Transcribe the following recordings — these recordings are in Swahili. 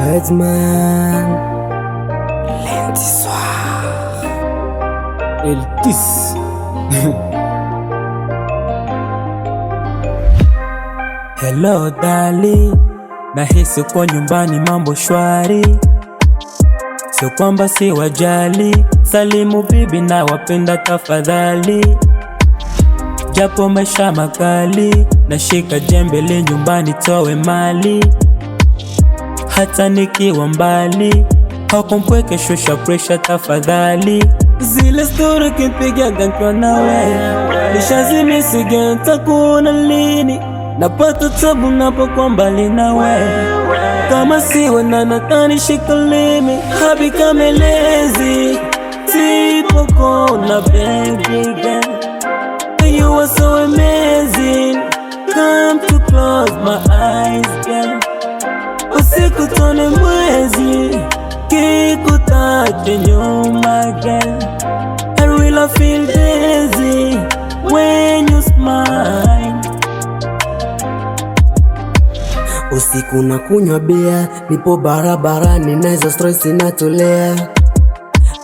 Headman Lundi soir Elle tisse. Hello dali, nahisi kwa nyumbani mambo shwari, sio kwamba si wajali. Salimu bibi na wapenda tafadhali, japo maisha makali, nashika jembe li nyumbani towe mali hata nikiwa mbali, shusha presha tafadhali. Zile stori kipigaga kwa nawe nishazimisiga, takuona lini? Napata tabu napokuwa mbali we, kama siwe na nadhani shikalimi habi kamelezi tipokona baby girl, you are so amazing, come to close my eyes kutone mwezi kikutate nyuma again I we will feel dizzy when you smile usiku na kunywa bia nipo barabarani nazo stress inatulea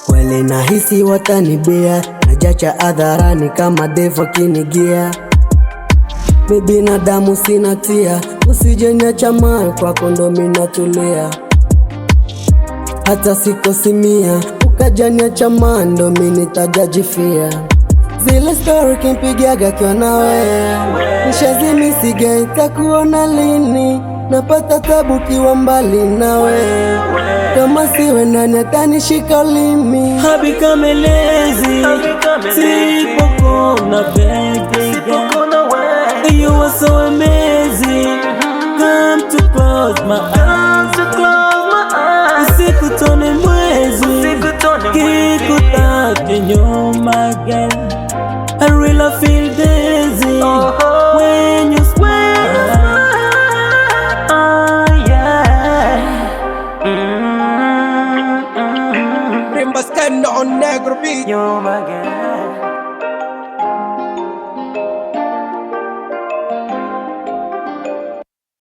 kweli nahisi watanibia najacha adharani kama devo kinigia Mi binadamu sinatia tia, usijeniacha mayo kwako minatulia. Hata sikosimia ukajanya chama ndo minitajajifia. Zile story kimpigiaga kiwa na wewe itakuona lini? Napata tabu kiwa mbali na wewe, kama siwe nani atanishika limi? Habi kamelezi sipo I feel dizzy oh, when you swear. me. Oh yeah. Mm-hmm. on negro beat. You're my girl.